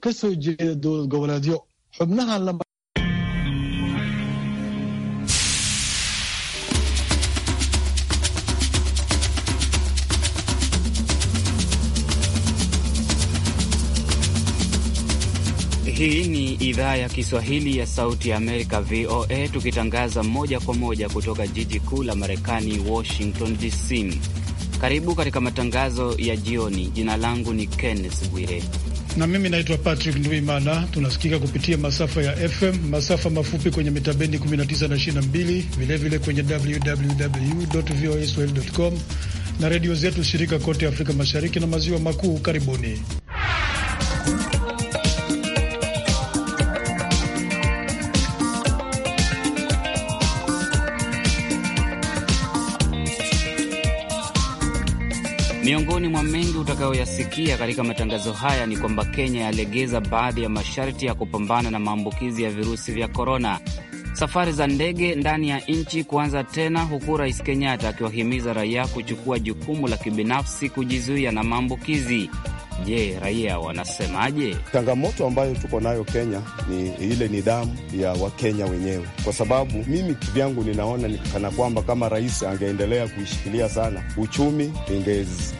ka soo jeeda dowlad goboleedyo xubnaha lama Hii ni idhaa ya Kiswahili ya Sauti ya Amerika, VOA, tukitangaza moja kwa moja kutoka jiji kuu la Marekani, Washington DC. Karibu katika matangazo ya jioni. Jina langu ni Kenneth Bwire na mimi naitwa Patrick Nduimana. Tunasikika kupitia masafa ya FM, masafa mafupi kwenye mitabendi 19 na 22, vilevile kwenye www voa swahili com na redio zetu shirika kote Afrika Mashariki na Maziwa Makuu. Karibuni. Miongoni mwa mengi utakayoyasikia katika matangazo haya ni kwamba Kenya yalegeza baadhi ya masharti ya kupambana na maambukizi ya virusi vya korona, safari za ndege ndani ya nchi kuanza tena, huku Rais Kenyatta akiwahimiza raia kuchukua jukumu la kibinafsi kujizuia na maambukizi. Je, raia wanasemaje? Changamoto ambayo tuko nayo Kenya ni ile nidhamu ya Wakenya wenyewe, kwa sababu mimi kivyangu ninaona ni kana kwamba kama rais angeendelea kuishikilia sana, uchumi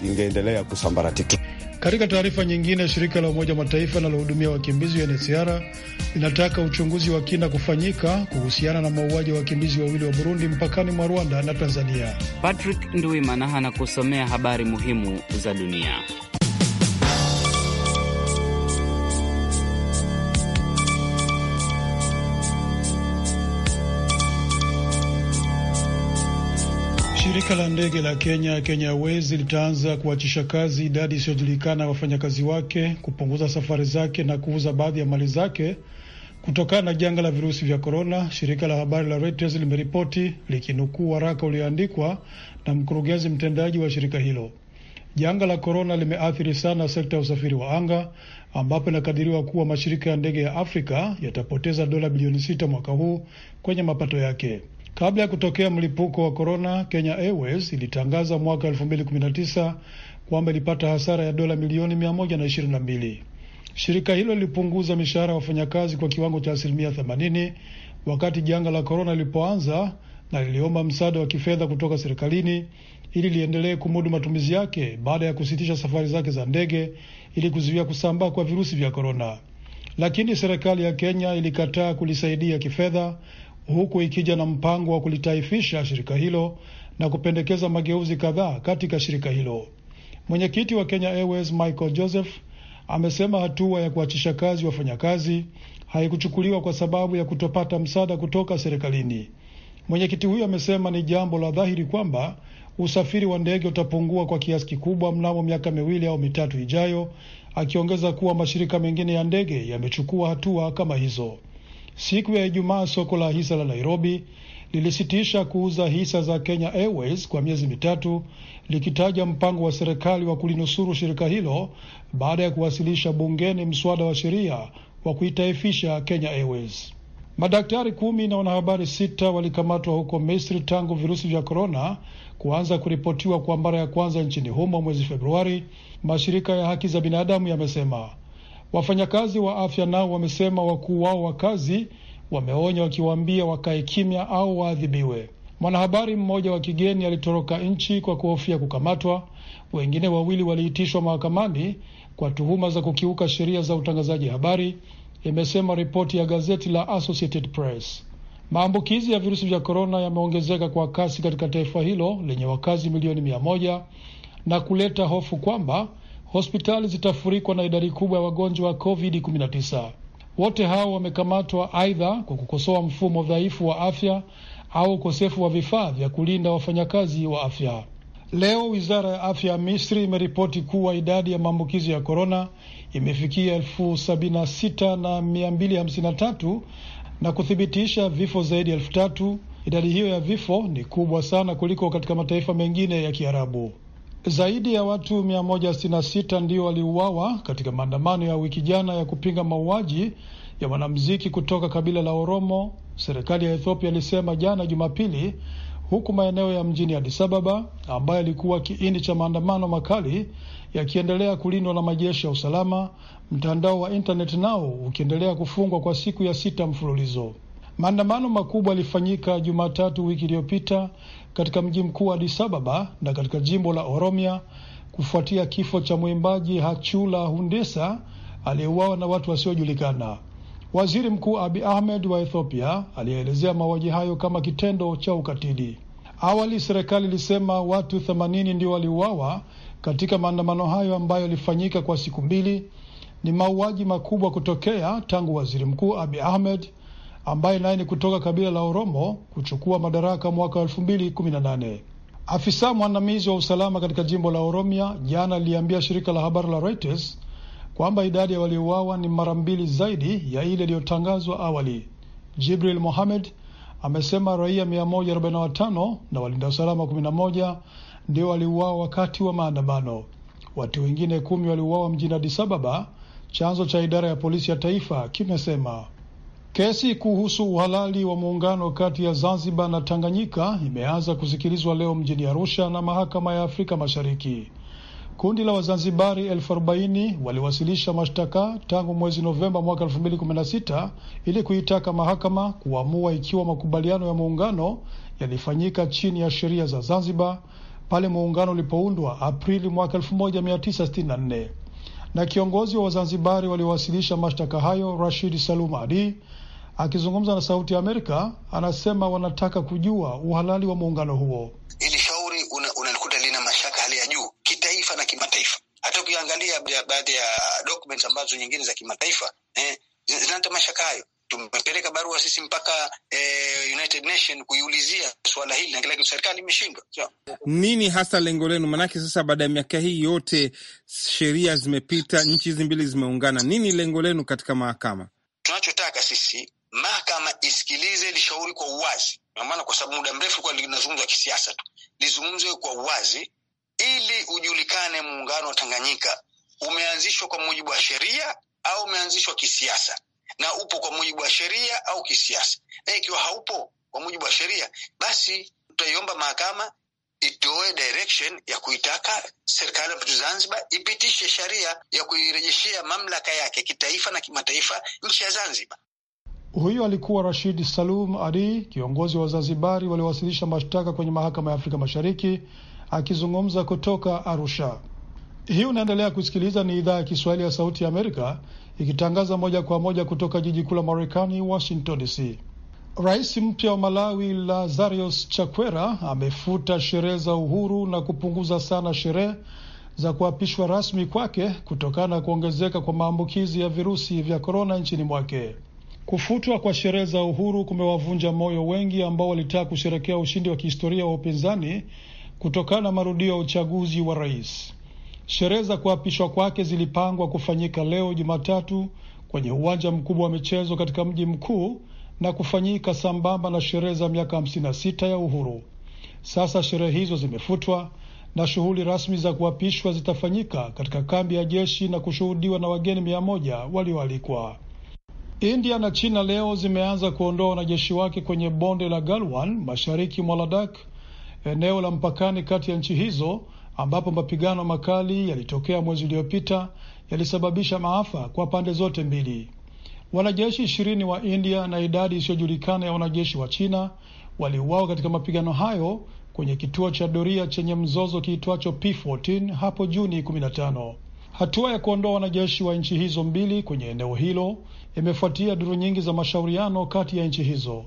ingeendelea kusambaratika. Katika taarifa nyingine, shirika la Umoja Mataifa linalohudumia wakimbizi UNHCR linataka uchunguzi wa kina kufanyika kuhusiana na mauaji wa wakimbizi wawili wa Burundi mpakani mwa Rwanda na Tanzania. Patrick nduimana anakusomea habari muhimu za dunia. Shirika la ndege la Kenya, Kenya Airways, litaanza kuachisha kazi idadi isiyojulikana ya wafanyakazi wake, kupunguza safari zake na kuuza baadhi ya mali zake kutokana na janga la virusi vya korona. Shirika la habari la Reuters limeripoti likinukuu waraka ulioandikwa na mkurugenzi mtendaji wa shirika hilo. Janga la korona limeathiri sana sekta ya usafiri wa anga, ambapo inakadiriwa kuwa mashirika ya ndege ya Afrika yatapoteza dola bilioni sita mwaka huu kwenye mapato yake. Kabla ya kutokea mlipuko wa korona, Kenya Airways ilitangaza mwaka 2019 kwamba ilipata hasara ya dola milioni 122. Shirika hilo lilipunguza mishahara ya wafanyakazi kwa kiwango cha asilimia 80 wakati janga la korona lilipoanza na liliomba msaada wa kifedha kutoka serikalini ili liendelee kumudu matumizi yake baada ya kusitisha safari zake za ndege ili kuzuia kusambaa kwa virusi vya korona, lakini serikali ya Kenya ilikataa kulisaidia kifedha huku ikija na mpango wa kulitaifisha shirika hilo na kupendekeza mageuzi kadhaa katika shirika hilo. Mwenyekiti wa Kenya Airways Michael Joseph amesema hatua ya kuachisha kazi wafanyakazi haikuchukuliwa kwa sababu ya kutopata msaada kutoka serikalini. Mwenyekiti huyo amesema ni jambo la dhahiri kwamba usafiri wa ndege utapungua kwa kiasi kikubwa mnamo miaka miwili au mitatu ijayo, akiongeza kuwa mashirika mengine ya ndege yamechukua hatua kama hizo siku ya Ijumaa soko la hisa la Nairobi lilisitisha kuuza hisa za Kenya Airways kwa miezi mitatu likitaja mpango wa serikali wa kulinusuru shirika hilo baada ya kuwasilisha bungeni mswada wa sheria wa kuitaifisha Kenya Airways. Madaktari kumi na wanahabari sita walikamatwa huko Misri tangu virusi vya korona kuanza kuripotiwa kwa mara ya kwanza nchini humo mwezi Februari, mashirika ya haki za binadamu yamesema. Wafanyakazi wa afya nao wamesema wakuu wao wa kazi wameonya wakiwaambia wakae kimya au waadhibiwe. Mwanahabari mmoja wa kigeni alitoroka nchi kwa kuhofia kukamatwa. Wengine wawili waliitishwa mahakamani kwa tuhuma za kukiuka sheria za utangazaji habari, imesema ripoti ya gazeti la Associated Press. Maambukizi ya virusi vya korona yameongezeka kwa kasi katika taifa hilo lenye wakazi milioni mia moja na kuleta hofu kwamba hospitali zitafurikwa na idadi kubwa ya wagonjwa wa COVID-19. Wote hao wamekamatwa aidha kwa kukosoa mfumo dhaifu wa afya au ukosefu wa vifaa vya kulinda wafanyakazi wa afya. Leo wizara ya afya ya Misri imeripoti kuwa idadi ya maambukizi ya korona imefikia elfu sabini na sita na mia mbili hamsini na tatu na kuthibitisha vifo zaidi ya elfu tatu. Idadi hiyo ya vifo ni kubwa sana kuliko katika mataifa mengine ya Kiarabu. Zaidi ya watu 166 ndio waliuawa katika maandamano ya wiki jana ya kupinga mauaji ya mwanamuziki kutoka kabila la Oromo, serikali ya Ethiopia ilisema jana Jumapili, huku maeneo ya mjini Addis Ababa ambayo yalikuwa kiini cha maandamano makali yakiendelea kulindwa na majeshi ya usalama, mtandao wa intaneti nao ukiendelea kufungwa kwa siku ya sita mfululizo. Maandamano makubwa yalifanyika Jumatatu wiki iliyopita katika mji mkuu wa Addis Ababa na katika jimbo la Oromia kufuatia kifo cha mwimbaji Hachula Hundesa aliyeuawa na watu wasiojulikana. Waziri Mkuu Abi Ahmed wa Ethiopia aliyeelezea mauaji hayo kama kitendo cha ukatili. Awali serikali ilisema watu 80 ndio waliuawa katika maandamano hayo ambayo yalifanyika kwa siku mbili. Ni mauaji makubwa kutokea tangu waziri mkuu Abi Ahmed ambaye naye ni kutoka kabila la Oromo kuchukua madaraka mwaka wa elfu mbili kumi na nane. Afisa mwandamizi wa usalama katika jimbo la Oromia jana liliambia shirika la habari la Reuters kwamba idadi ya waliouawa ni mara mbili zaidi ya ile iliyotangazwa awali. Jibril Mohamed amesema raia 145 na walinda usalama 11 ndio waliuawa wakati wa maandamano. Watu wengine kumi waliuawa mjini adisababa Ababa, chanzo cha idara ya polisi ya taifa kimesema. Kesi kuhusu uhalali wa muungano kati ya Zanzibar na Tanganyika imeanza kusikilizwa leo mjini Arusha na mahakama ya Afrika Mashariki. Kundi la Wazanzibari elfu arobaini waliwasilisha mashtaka tangu mwezi Novemba mwaka elfu ili kuitaka mahakama kuamua ikiwa makubaliano ya muungano yalifanyika chini ya sheria za Zanzibar pale muungano ulipoundwa Aprili mwaka 1964 na kiongozi wa Wazanzibari waliowasilisha mashtaka hayo Rashid Salum Adi Akizungumza na Sauti ya Amerika, anasema wanataka kujua uhalali wa muungano huo. Hili shauri unalikuta una lina mashaka hali ya juu kitaifa na kimataifa. Hata ukiangalia baadhi ya documents ambazo nyingine za kimataifa eh, zinata mashaka hayo. Tumepeleka barua sisi mpaka eh, United Nation kuiulizia suala hili, lakini serikali imeshindwa. Nini hasa lengo lenu? Maanake sasa baada ya miaka hii yote sheria zimepita, nchi hizi mbili zimeungana. Nini lengo lenu katika mahakama? Tunachotaka sisi mahakama isikilize lishauri kwa uwazi, na maana kwa sababu muda mrefu likuwa linazungumzwa kisiasa tu, lizungumzwe kwa uwazi ili ujulikane muungano wa Tanganyika umeanzishwa kwa mujibu wa sheria au umeanzishwa kisiasa, na upo kwa mujibu wa sheria au kisiasa. Na ikiwa haupo kwa mujibu wa sheria, basi tutaiomba mahakama itoe direction ya kuitaka serikali ya Zanzibar ipitishe sheria ya kuirejeshea mamlaka yake kitaifa na kimataifa nchi ya Zanzibar. Huyo alikuwa Rashid Salum Ali, kiongozi wa Wazanzibari waliowasilisha mashtaka kwenye mahakama ya Afrika Mashariki, akizungumza kutoka Arusha. Hii unaendelea kusikiliza, ni idhaa ya Kiswahili ya Sauti ya Amerika ikitangaza moja kwa moja kutoka jiji kuu la Marekani, Washington DC. Rais mpya wa Malawi Lazarus Chakwera amefuta sherehe za uhuru na kupunguza sana sherehe za kuapishwa rasmi kwake kutokana na kuongezeka kwa maambukizi ya virusi vya korona nchini mwake. Kufutwa kwa sherehe za uhuru kumewavunja moyo wengi ambao walitaka kusherekea ushindi wa kihistoria wa upinzani kutokana na marudio ya uchaguzi wa rais. Sherehe za kuapishwa kwake zilipangwa kufanyika leo Jumatatu kwenye uwanja mkubwa wa michezo katika mji mkuu na kufanyika sambamba na sherehe za miaka 56 ya uhuru. Sasa sherehe hizo zimefutwa na shughuli rasmi za kuapishwa zitafanyika katika kambi ya jeshi na kushuhudiwa na wageni mia moja walioalikwa. India na China leo zimeanza kuondoa wanajeshi wake kwenye bonde la Galwan mashariki mwa Ladak, eneo la mpakani kati ya nchi hizo ambapo mapigano makali yalitokea mwezi uliopita yalisababisha maafa kwa pande zote mbili. Wanajeshi ishirini wa India na idadi isiyojulikana ya wanajeshi wa China waliuawa katika mapigano hayo kwenye kituo cha doria chenye mzozo kiitwacho P14 hapo Juni 15. Hatua ya kuondoa wanajeshi wa nchi hizo mbili kwenye eneo hilo imefuatia duru nyingi za mashauriano kati ya nchi hizo.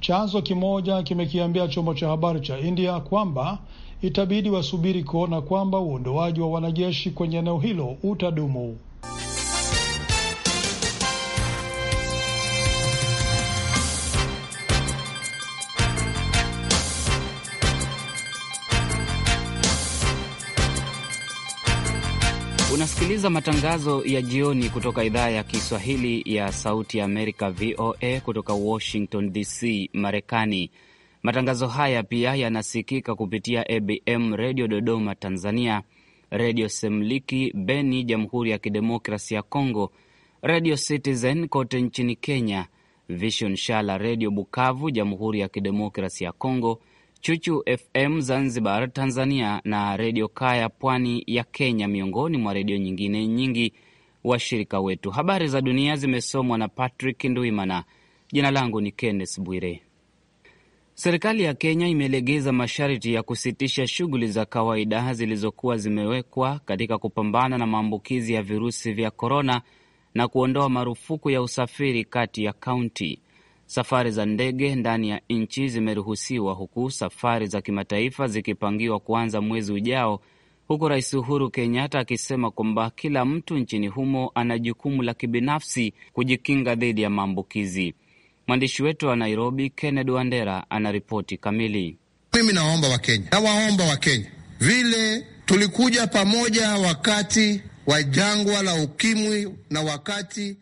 Chanzo kimoja kimekiambia chombo cha habari cha India kwamba itabidi wasubiri kuona kwamba uondoaji wa wanajeshi kwenye eneo hilo utadumu. Unasikiliza matangazo ya jioni kutoka idhaa ya Kiswahili ya Sauti ya Amerika, VOA, kutoka Washington DC, Marekani. Matangazo haya pia yanasikika kupitia ABM Redio Dodoma, Tanzania, Redio Semliki Beni, Jamhuri ya Kidemokrasi ya congo Redio Citizen kote nchini Kenya, Vision Shala Redio Bukavu, Jamhuri ya Kidemokrasi ya congo Chuchu FM Zanzibar, Tanzania na Redio Kaya pwani ya Kenya, miongoni mwa redio nyingine nyingi washirika wetu. Habari za dunia zimesomwa na Patrick Ndwimana. Jina langu ni Kenneth Bwire. Serikali ya Kenya imelegeza masharti ya kusitisha shughuli za kawaida zilizokuwa zimewekwa katika kupambana na maambukizi ya virusi vya korona na kuondoa marufuku ya usafiri kati ya kaunti. Safari za ndege ndani ya nchi zimeruhusiwa huku safari za kimataifa zikipangiwa kuanza mwezi ujao, huku Rais Uhuru Kenyatta akisema kwamba kila mtu nchini humo ana jukumu la kibinafsi kujikinga dhidi ya maambukizi. Mwandishi wetu wa Nairobi, Kennedy Wandera, ana ripoti kamili. Mimi nawaomba Wakenya, nawaomba Wakenya, vile tulikuja pamoja wakati wa jangwa la ukimwi na wakati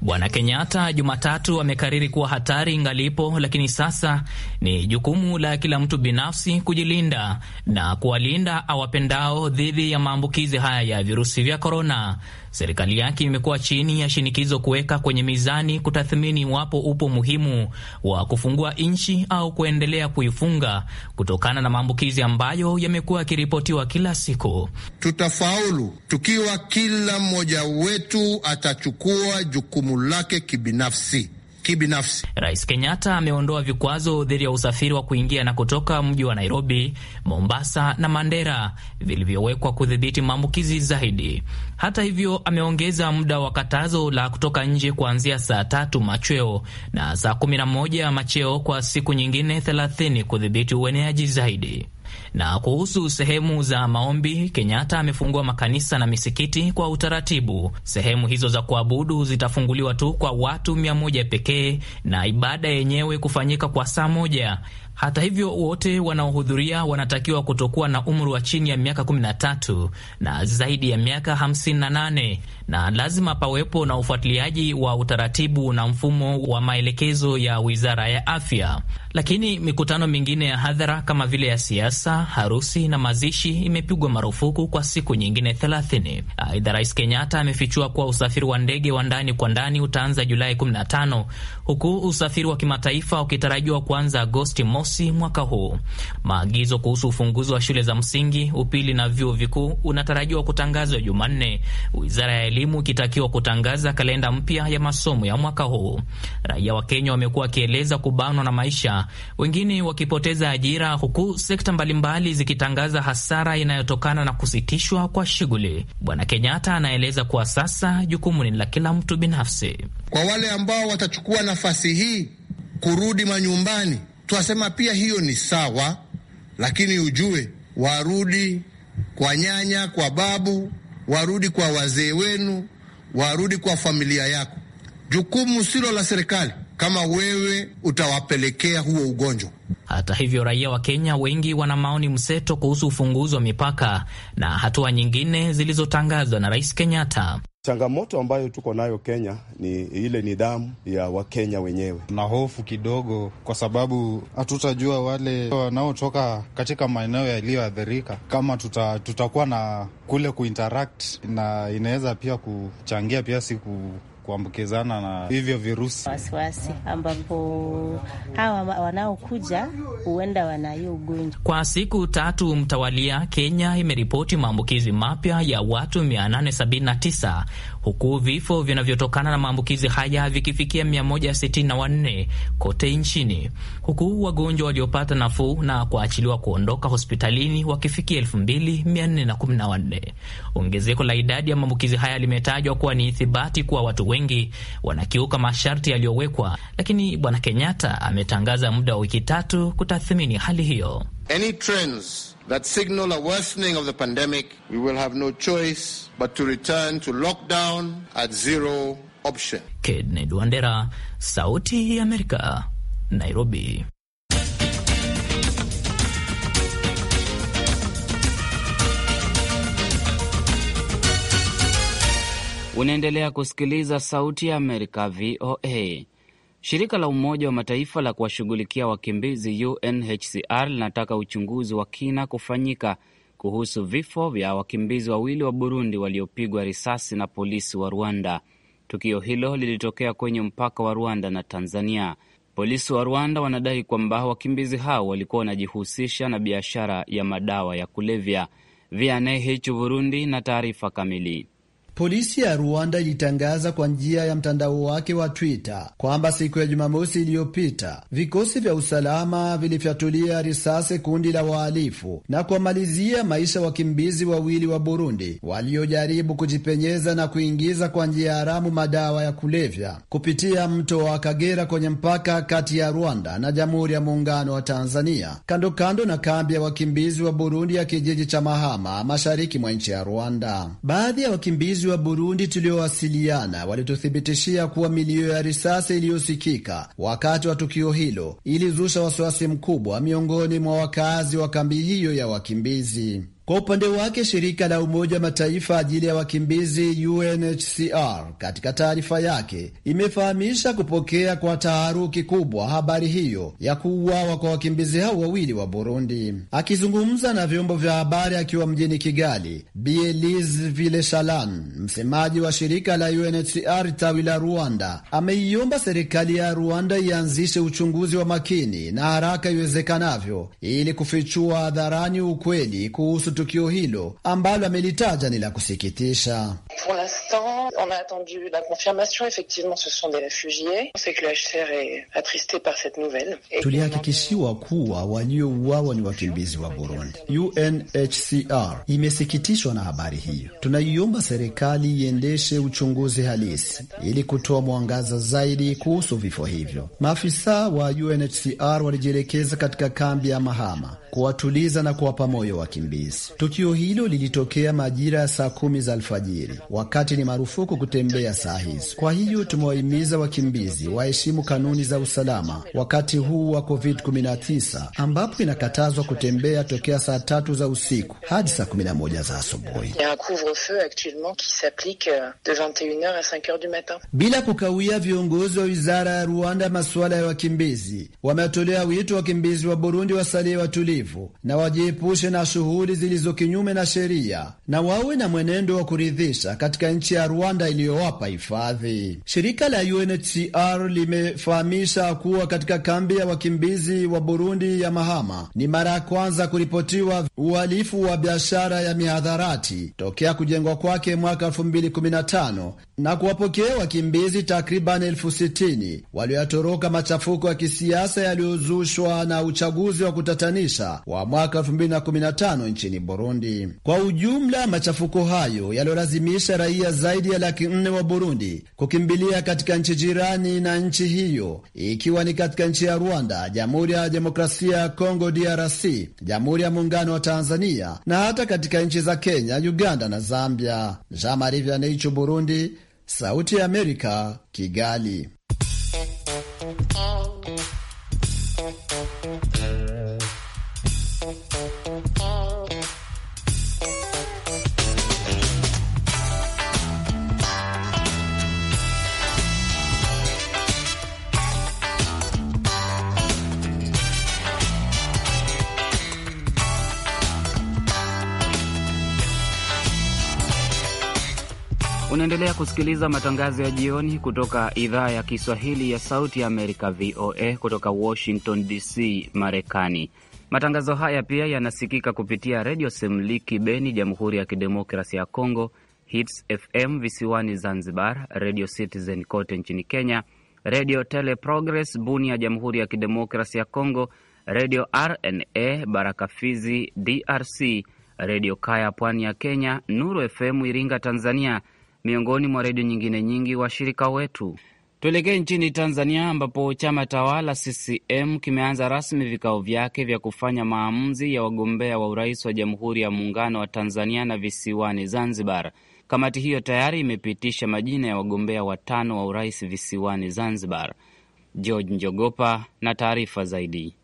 Bwana Kenyatta Jumatatu amekariri kuwa hatari ingalipo, lakini sasa ni jukumu la kila mtu binafsi kujilinda na kuwalinda awapendao dhidi ya maambukizi haya ya virusi vya korona serikali yake imekuwa chini ya shinikizo kuweka kwenye mizani kutathmini iwapo upo muhimu wa kufungua nchi au kuendelea kuifunga kutokana na maambukizi ambayo yamekuwa yakiripotiwa kila siku. Tutafaulu tukiwa kila mmoja wetu atachukua jukumu lake kibinafsi kibinafsi. Rais Kenyatta ameondoa vikwazo dhidi ya usafiri wa kuingia na kutoka mji wa Nairobi, Mombasa na Mandera vilivyowekwa kudhibiti maambukizi zaidi. Hata hivyo, ameongeza muda wa katazo la kutoka nje kuanzia saa tatu machweo na saa kumi na moja macheo kwa siku nyingine thelathini kudhibiti ueneaji zaidi. Na kuhusu sehemu za maombi, Kenyatta amefungua makanisa na misikiti kwa utaratibu. Sehemu hizo za kuabudu zitafunguliwa tu kwa watu mia moja pekee na ibada yenyewe kufanyika kwa saa moja. Hata hivyo, wote wanaohudhuria wanatakiwa kutokuwa na umri wa chini ya miaka 13 na zaidi ya miaka 58 na lazima pawepo na ufuatiliaji wa utaratibu na mfumo wa maelekezo ya Wizara ya Afya. Lakini mikutano mingine ya hadhara kama vile ya siasa, harusi na mazishi imepigwa marufuku kwa siku nyingine 30. Aidha, Rais Kenyatta amefichua kuwa usafiri wa ndege wa ndani kwa ndani utaanza Julai 15 huku usafiri wa kimataifa ukitarajiwa kuanza Agosti mosi mosi mwaka huu. Maagizo kuhusu ufunguzi wa shule za msingi, upili na vyuo vikuu unatarajiwa kutangazwa Jumanne, wizara ya elimu ikitakiwa kutangaza kalenda mpya ya masomo ya mwaka huu. Raia wa Kenya wamekuwa wakieleza kubanwa na maisha, wengine wakipoteza ajira, huku sekta mbalimbali zikitangaza hasara inayotokana na kusitishwa kwa shughuli. Bwana Kenyatta anaeleza kuwa sasa jukumu ni la kila mtu binafsi. Kwa wale ambao watachukua nafasi hii kurudi manyumbani Twasema pia hiyo ni sawa, lakini ujue warudi kwa nyanya, kwa babu, warudi kwa wazee wenu, warudi kwa familia yako. Jukumu silo la serikali kama wewe utawapelekea huo ugonjwa. Hata hivyo, raia wa Kenya wengi wana maoni mseto kuhusu ufunguzi wa mipaka na hatua nyingine zilizotangazwa na Rais Kenyatta. Changamoto ambayo tuko nayo Kenya ni ile nidhamu ya Wakenya wenyewe, na hofu kidogo, kwa sababu hatutajua wale wanaotoka katika maeneo yaliyoathirika kama tuta, tutakuwa na kule kuinteract na inaweza pia kuchangia pia siku kuambukizana na hivyo virusi. Wasiwasi ambapo hawa wanaokuja huenda wana hiyo ugonjwa. Kwa siku tatu mtawalia, Kenya imeripoti maambukizi mapya ya watu 879 huku vifo vinavyotokana na maambukizi haya vikifikia 164 kote nchini, huku wagonjwa waliopata nafuu na kuachiliwa kuondoka hospitalini wakifikia 2414. Ongezeko la idadi ya maambukizi haya limetajwa kuwa ni ithibati kuwa watu wengi wanakiuka masharti yaliyowekwa, lakini Bwana Kenyatta ametangaza muda wa wiki tatu kutathmini hali hiyo. Any trends that signal a worsening of the pandemic, we will have no choice but to return to lockdown at zero option. Kennedy Wandera, Sauti ya Amerika, Nairobi. Unaendelea kusikiliza Sauti ya Amerika VOA. Shirika la Umoja wa Mataifa la kuwashughulikia wakimbizi UNHCR linataka uchunguzi wa kina kufanyika kuhusu vifo vya wakimbizi wawili wa Burundi waliopigwa risasi na polisi wa Rwanda. Tukio hilo lilitokea kwenye mpaka wa Rwanda na Tanzania. Polisi wa Rwanda wanadai kwamba wakimbizi hao walikuwa wanajihusisha na biashara ya madawa ya kulevya. VNH Burundi na taarifa kamili Polisi ya Rwanda ilitangaza kwa njia ya mtandao wake wa Twitter kwamba siku ya Jumamosi iliyopita vikosi vya usalama vilifyatulia risasi kundi la wahalifu na kuwamalizia maisha wakimbizi wawili wa Burundi waliojaribu kujipenyeza na kuingiza kwa njia haramu madawa ya kulevya kupitia mto wa Kagera kwenye mpaka kati ya Rwanda na Jamhuri ya Muungano wa Tanzania, kando kando na kambi ya wakimbizi wa Burundi ya kijiji cha Mahama, mashariki mwa nchi ya Rwanda. Baadhi ya wakimbizi wakimbizi wa Burundi tuliowasiliana walituthibitishia kuwa milio ya risasi iliyosikika wakati wa tukio hilo ilizusha wasiwasi mkubwa miongoni mwa wakazi wa kambi hiyo ya wakimbizi. Kwa upande wake shirika la Umoja Mataifa ajili ya wakimbizi UNHCR katika taarifa yake imefahamisha kupokea kwa taharuki kubwa habari hiyo ya kuuawa kwa wakimbizi hao wawili wa Burundi. Akizungumza na vyombo vya habari akiwa mjini Kigali, Bieliz Vileshalan, msemaji wa shirika la UNHCR tawi la Rwanda, ameiomba serikali ya Rwanda ianzishe uchunguzi wa makini na haraka iwezekanavyo ili kufichua hadharani ukweli kuhusu tukio hilo ambalo amelitaja ni la kusikitisha. Tulihakikishiwa kuwa waliouawa ni wakimbizi wa Burundi. UNHCR imesikitishwa na habari hiyo. Tunaiomba serikali iendeshe uchunguzi halisi ili kutoa mwangaza zaidi kuhusu vifo hivyo. Maafisa wa UNHCR walijielekeza katika kambi ya Mahama kuwatuliza na kuwapa moyo wakimbizi. Tukio hilo lilitokea majira ya saa kumi za alfajiri, wakati ni marufuku kutembea saa hizo. Kwa hiyo tumewahimiza wakimbizi waheshimu kanuni za usalama wakati huu wa COVID-19 ambapo inakatazwa kutembea tokea saa tatu za usiku hadi saa 11 za asubuhi euh, bila kukawia. Viongozi wa wizara ya Rwanda masuala ya wakimbizi wametolea wito wakimbizi wa Burundi wasalie watulivu uadilifu na wajiepushe na shughuli zilizo kinyume na sheria na wawe na mwenendo wa kuridhisha katika nchi ya Rwanda iliyowapa hifadhi. Shirika la UNHCR limefahamisha kuwa katika kambi ya wakimbizi wa Burundi ya Mahama ni mara ya kwanza kuripotiwa uhalifu wa biashara ya mihadharati tokea kujengwa kwake mwaka 2015 na kuwapokea wakimbizi takriban elfu sitini walioyatoroka machafuko ya kisiasa yaliyozushwa na uchaguzi wa kutatanisha kisiasa wa mwaka 2015 nchini Burundi. Kwa ujumla, machafuko hayo yaliyolazimisha raia zaidi ya laki nne wa Burundi kukimbilia katika nchi jirani na nchi hiyo, ikiwa ni katika nchi ya Rwanda, Jamhuri ya Demokrasia ya Kongo DRC, Jamhuri ya Muungano wa Tanzania na hata katika nchi za Kenya, Uganda na Zambia. Jean Burundi, Sauti ya Amerika, Kigali. Unaendelea kusikiliza matangazo ya jioni kutoka idhaa ya Kiswahili ya Sauti ya Amerika, VOA, kutoka Washington DC, Marekani. Matangazo haya pia yanasikika kupitia Redio Semliki Beni, Jamhuri ya Kidemokrasi ya congo Hits FM visiwani Zanzibar, Redio Citizen kote nchini Kenya, Redio Teleprogress buni ya Jamhuri ya Kidemokrasi ya congo Redio RNA Baraka Fizi DRC, Redio Kaya pwani ya Kenya, Nuru FM Iringa Tanzania, miongoni mwa redio nyingine nyingi washirika wetu. Tuelekee nchini Tanzania ambapo chama tawala CCM kimeanza rasmi vikao vyake vya kufanya maamuzi ya wagombea wa urais wa Jamhuri ya Muungano wa Tanzania na visiwani Zanzibar. Kamati hiyo tayari imepitisha majina ya wagombea watano wa urais visiwani Zanzibar. George Njogopa na taarifa zaidi.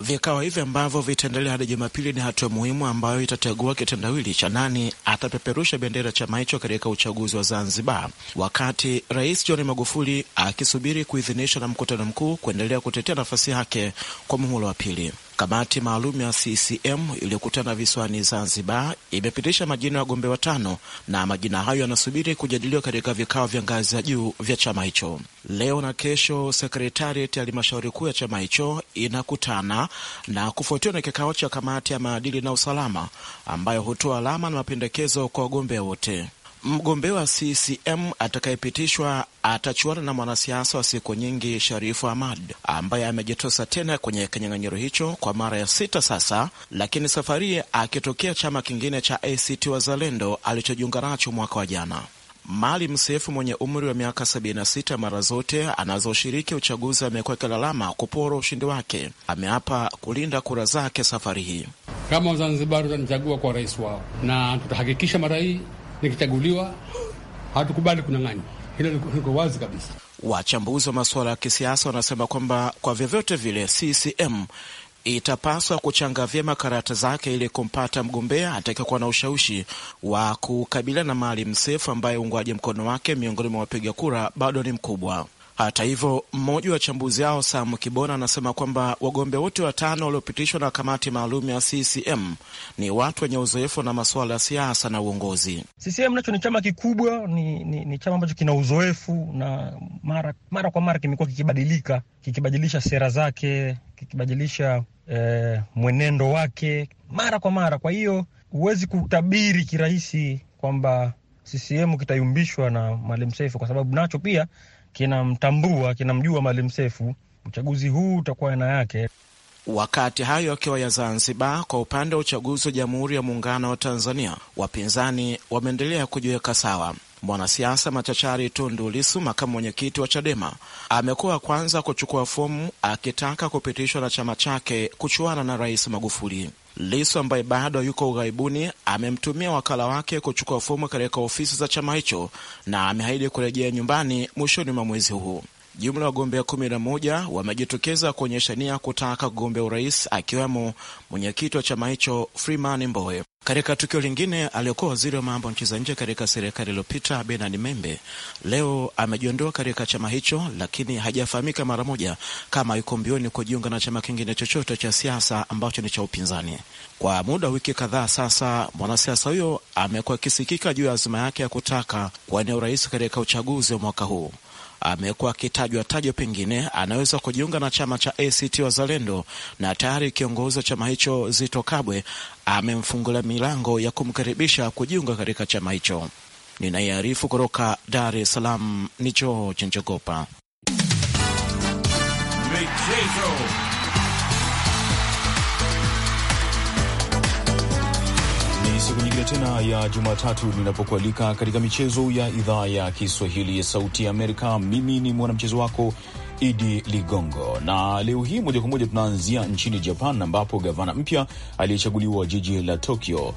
Vikao hivi ambavyo vitaendelea hadi Jumapili ni hatua muhimu ambayo itategua kitendawili cha nani atapeperusha bendera chama hicho katika uchaguzi wa Zanzibar, wakati Rais John Magufuli akisubiri kuidhinisha na mkutano mkuu kuendelea kutetea nafasi yake kwa muhula wa pili. Kamati maalum ya CCM iliyokutana visiwani Zanzibar imepitisha majina ya wagombea watano na majina hayo yanasubiri kujadiliwa katika vikao vya ngazi ya juu vya chama hicho. Leo na kesho, sekretariat ya halmashauri kuu ya chama hicho inakutana na kufuatiwa na kikao cha kamati ya maadili na usalama ambayo hutoa alama na mapendekezo kwa wagombea wote. Mgombea wa CCM atakayepitishwa atachuana na mwanasiasa wa siku nyingi Sharifu Ahmad ambaye amejitosa tena kwenye kinyang'anyiro hicho kwa mara ya sita sasa, lakini safari akitokea chama kingine cha ACT Wazalendo alichojiunga nacho mwaka wa jana. Maalim Seif mwenye umri wa miaka 76 mara zote anazoshiriki uchaguzi amekuwa akilalama kuporwa ushindi wake. Ameapa kulinda kura zake safari hii. Kama Wazanzibari watanichagua kwa rais wao, na tutahakikisha mara hii nikichaguliwa hatukubali kunang'anywa. Hilo liko wazi kabisa. Wachambuzi wa masuala ya kisiasa wanasema kwamba kwa vyovyote vile CCM itapaswa kuchanga vyema karata zake ili kumpata mgombea atakayekuwa na ushawishi wa kukabiliana na Maalim Seif ambaye uungwaji mkono wake miongoni mwa wapiga kura bado ni mkubwa. Hata hivyo, mmoja wa wachambuzi hao Samu Kibona anasema kwamba wagombea wote watano waliopitishwa na kamati maalum ya CCM ni watu wenye uzoefu na masuala ya siasa na uongozi. CCM nacho ni chama kikubwa, ni, ni, ni chama ambacho kina uzoefu na mara, mara kwa mara kimekuwa kikibadilika, kikibadilisha sera zake, kikibadilisha eh, mwenendo wake mara kwa mara. Kwa hiyo huwezi kutabiri kirahisi kwamba CCM kitayumbishwa na Maalim Seif kwa sababu nacho pia kinamtambua, kinamjua Maalim Sefu. Uchaguzi huu utakuwa aina yake. Wakati hayo akiwa ya Zanzibar, kwa upande wa uchaguzi wa Jamhuri ya Muungano wa Tanzania, wapinzani wameendelea kujiweka sawa. Mwanasiasa machachari Tundu Lisu, makamu mwenyekiti wa CHADEMA, amekuwa kwanza kuchukua fomu akitaka kupitishwa na chama chake kuchuana na Rais Magufuli. Lisu ambaye bado yuko ughaibuni amemtumia wakala wake kuchukua fomu katika ofisi za chama hicho na ameahidi kurejea nyumbani mwishoni mwa mwezi huu. Jumla ya wagombea kumi na moja wamejitokeza kuonyesha nia kutaka kugombea urais akiwemo mwenyekiti wa chama hicho Freeman Mbowe. Katika tukio lingine, aliyokuwa waziri wa mambo nchi za nje katika serikali iliyopita Benard Membe leo amejiondoa katika chama hicho, lakini hajafahamika mara moja kama yuko mbioni kujiunga na chama kingine chochote cha siasa ambacho ni cha upinzani. Kwa muda wa wiki kadhaa sasa, mwanasiasa huyo amekuwa akisikika juu ya azima yake ya kutaka kuwania urais katika uchaguzi wa mwaka huu amekuwa akitajwa tajwa pengine anaweza kujiunga na chama cha ACT Wazalendo, na tayari kiongozi wa chama hicho Zito Kabwe amemfungulia milango ya kumkaribisha kujiunga katika chama hicho. Ninayearifu kutoka Dar es Salaam ni George Njogopa. Michezo. siku nyingine tena ya Jumatatu ninapokualika katika michezo ya idhaa ya Kiswahili ya Sauti ya Amerika. Mimi ni mwanamchezo wako Idi Ligongo. Na leo hii moja kwa moja tunaanzia nchini Japan, ambapo gavana mpya aliyechaguliwa jiji la Tokyo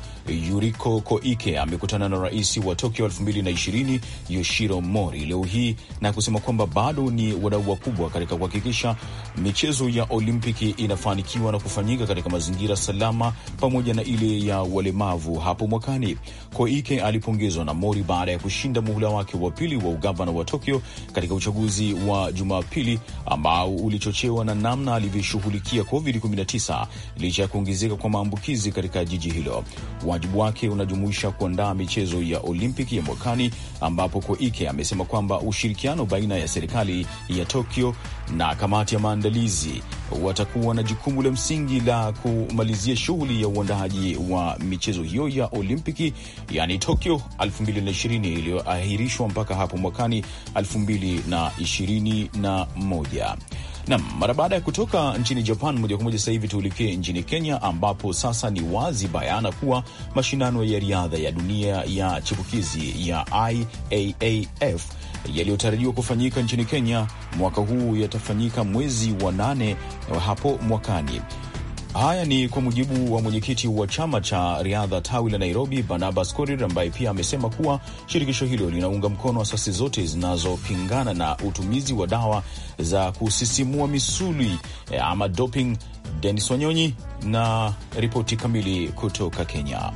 Yuriko Koike amekutana na rais wa Tokyo 2020 Yoshiro Mori leo hii na kusema kwamba bado ni wadau wakubwa katika kuhakikisha michezo ya Olimpiki inafanikiwa na kufanyika katika mazingira salama pamoja na ile ya walemavu hapo mwakani. Koike alipongezwa na Mori baada ya kushinda muhula wake wa pili wa ugavana wa Tokyo katika uchaguzi wa Jumapili uchaguzi ambao ulichochewa na namna alivyoshughulikia COVID-19 licha ya kuongezeka kwa maambukizi katika jiji hilo. Wajibu wake unajumuisha kuandaa michezo ya Olimpiki ya mwakani, ambapo Koike amesema kwamba ushirikiano baina ya serikali ya Tokyo na kamati ya maandalizi watakuwa na jukumu la msingi la kumalizia shughuli ya uandaaji wa michezo hiyo ya Olimpiki yani Tokyo 2020 iliyoahirishwa mpaka hapo mwakani 2020 na moja. Nam, mara baada ya kutoka nchini Japan moja kwa moja sasa hivi tuelekee nchini Kenya, ambapo sasa ni wazi bayana kuwa mashindano ya riadha ya dunia ya chipukizi ya IAAF yaliyotarajiwa kufanyika nchini Kenya mwaka huu yatafanyika mwezi wa nane hapo mwakani. Haya ni kwa mujibu wa mwenyekiti wa chama cha riadha tawi la Nairobi, Barnabas Korir, ambaye pia amesema kuwa shirikisho hilo linaunga mkono asasi zote zinazopingana na utumizi wa dawa za kusisimua misuli eh, ama doping. Denis Wanyonyi na ripoti kamili kutoka Kenya.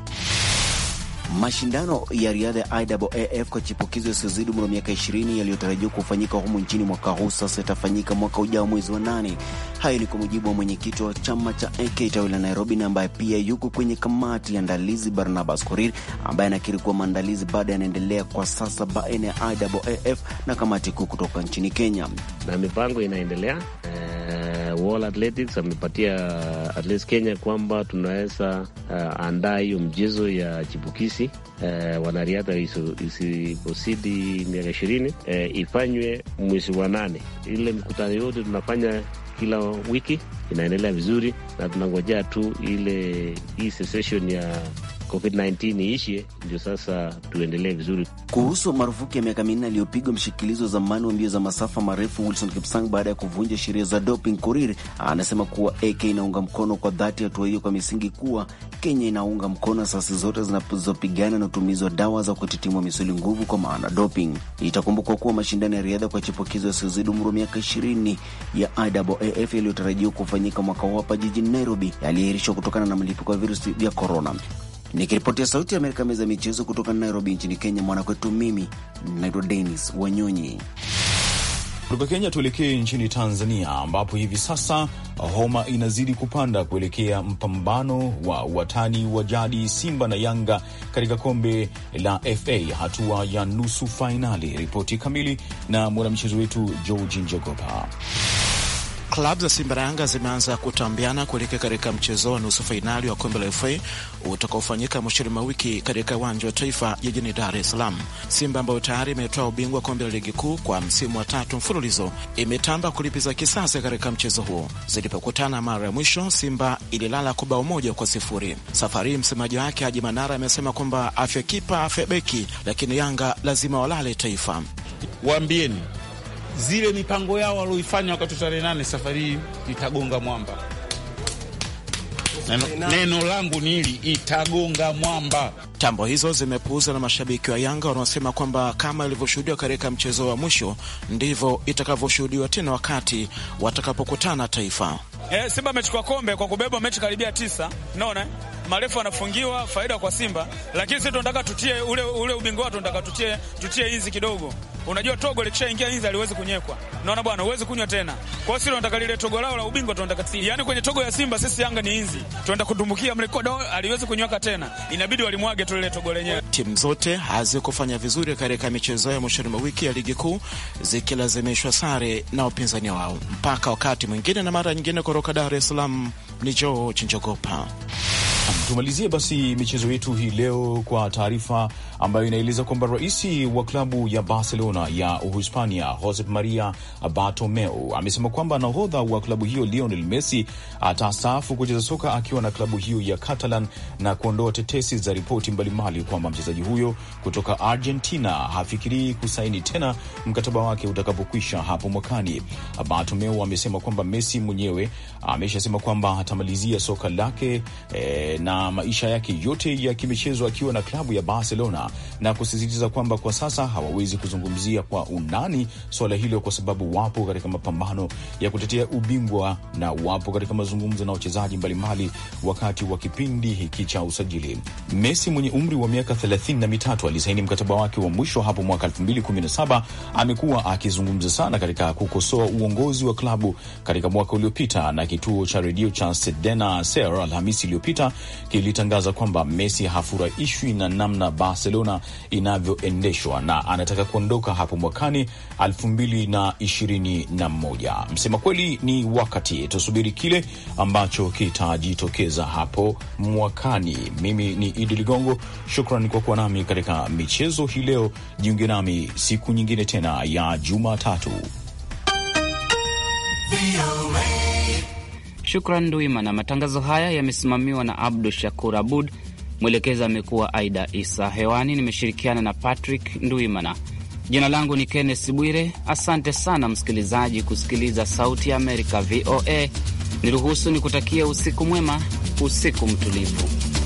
Mashindano ya riadha ya IAAF kwa chipukizo yasiyozidi umri wa miaka 20 yaliyotarajiwa kufanyika humu nchini mwaka huu sasa yatafanyika mwaka ujao mwezi wa nane. Hayo ni kwa mujibu wa mwenyekiti wa chama cha AK tawi la Nairobi na ambaye pia yuko kwenye kamati ya andalizi Barnabas Korir, ambaye anakiri kuwa maandalizi bado yanaendelea kwa sasa baina ya IAAF na kamati kuu kutoka nchini Kenya, na mipango inaendelea eh, World Athletics amepatia at least Kenya kwamba tunaweza uh, andaa hiyo mchezo ya chipukisi uh, wanariadha isiposidi miaka ishirini uh, ifanywe mwezi wa nane. Ile mkutano yote tunafanya kila wiki inaendelea vizuri, na tunangojea tu ile hii session ya COVID-19 iishe, ndio sasa tuendelee vizuri. Kuhusu marufuku ya miaka minne aliyopigwa mshikilizi wa zamani wa mbio za masafa marefu Wilson Kipsang baada ya kuvunja sheria za doping, Korir anasema kuwa AK inaunga mkono kwa dhati hatua hiyo kwa misingi kuwa Kenya inaunga mkono asasi zote zinazopigana na utumizi wa dawa za kutitimwa misuli nguvu, kwa maana doping. Itakumbukwa kuwa mashindano ya riadha kwa chipukizo yasiozidi umri wa miaka 20 ya IAAF yaliyotarajiwa kufanyika mwaka huu hapa jijini Nairobi yaliahirishwa kutokana na mlipuko wa virusi vya korona. Nikiripotia Sauti ya Amerika, meza ya michezo kutoka Nairobi nchini Kenya, mwanakwetu mimi naitwa Denis Wanyonyi. Kutoka Kenya tuelekee nchini Tanzania, ambapo hivi sasa homa inazidi kupanda kuelekea mpambano wa watani wa jadi Simba na Yanga katika kombe la FA hatua ya nusu fainali. Ripoti kamili na mwanamchezo wetu Georgi Njogopa. Klabu za Simba na Yanga zimeanza kutambiana kuelekea katika mchezo wa nusu fainali wa kombe la FA utakaofanyika mwishoni mwa wiki katika uwanja wa Taifa jijini Dar es Salaam. Simba ambayo tayari imetoa ubingwa wa kombe la ligi kuu kwa msimu wa tatu mfululizo imetamba kulipiza kisasi katika mchezo huo. Zilipokutana mara ya mwisho, Simba ililala kwa bao moja kwa sifuri. Safari hii msemaji wake Haji Manara amesema kwamba afya kipa afya beki, lakini Yanga lazima walale Taifa. Waambieni zile mipango yao walioifanya wakati tarehe nane safari hii itagonga mwamba. Neno, neno langu ni hili, itagonga mwamba. Tambo hizo zimepuuza na mashabiki wa Yanga wanaosema kwamba kama ilivyoshuhudiwa katika mchezo wa mwisho ndivyo itakavyoshuhudiwa tena wakati watakapokutana Taifa. Eh, Simba amechukua kombe kwa kubeba mechi karibia tisa, unaona eh? marefu anafungiwa, faida kwa Simba, lakini sisi tunataka tutie ule ule ubingwa wao, tunataka tutie tutie hizi kidogo. Unajua togo likishaingia hizi aliwezi kunyekwa, naona bwana, huwezi kunywa tena. Kwa hiyo sisi tunataka lile togo lao la ubingwa, tunataka yani kwenye togo ya Simba sisi Yanga ni hizi, tunaenda kutumbukia mrekodo, aliwezi kunywaka tena, inabidi walimwage tu lile togo lenyewe. Timu zote hazikufanya vizuri katika michezo ya mwishoni mwa wiki ya ligi kuu, zikilazimishwa sare na upinzani wao. Mpaka wakati mwingine na mara nyingine, kutoka Dar es Salaam ni George Chinjogopa. Tumalizie basi michezo yetu hii leo kwa taarifa ambayo inaeleza kwamba rais wa klabu ya Barcelona ya Uhispania Josep Maria Bartomeu amesema kwamba nahodha wa klabu hiyo Lionel Messi atastaafu kucheza soka akiwa na klabu hiyo ya Catalan na kuondoa tetesi za ripoti mbalimbali kwamba mchezaji huyo kutoka Argentina hafikirii kusaini tena mkataba wake utakapokwisha hapo mwakani. Bartomeu amesema kwamba Messi mwenyewe ameshasema kwamba atamalizia soka lake eh, na maisha yake yote ya kimichezo akiwa na klabu ya Barcelona na kusisitiza kwamba kwa sasa hawawezi kuzungumzia kwa undani suala hilo kwa sababu wapo katika mapambano ya kutetea ubingwa na wapo katika mazungumzo na wachezaji mbalimbali wakati wa kipindi hiki cha usajili. Messi mwenye umri wa miaka 3 na mitatu alisaini mkataba wake wa mwisho hapo mwaka 2017. Amekuwa akizungumza sana katika kukosoa uongozi wa klabu katika mwaka uliopita, na kituo cha redio cha Sedena Ser Alhamisi iliyopita kilitangaza kwamba Messi hafurahishwi na namna Barcelona inavyoendeshwa na anataka kuondoka hapo mwakani 221 Msema kweli ni wakati tusubiri kile ambacho kitajitokeza hapo mwakani. Mimi ni Idi Ligongo, shukran kwa kuwa nami katika michezo hii leo. Jiunge nami siku nyingine tena ya Jumatatu. Shukran Na Matangazo haya yamesimamiwa na Abdu Shakur Abud, mwelekezi amekuwa Aida Isa. Hewani nimeshirikiana na Patrick Nduimana. Jina langu ni Kennes Bwire. Asante sana msikilizaji kusikiliza Sauti ya Amerika, VOA. Niruhusu ni kutakia usiku mwema, usiku mtulivu.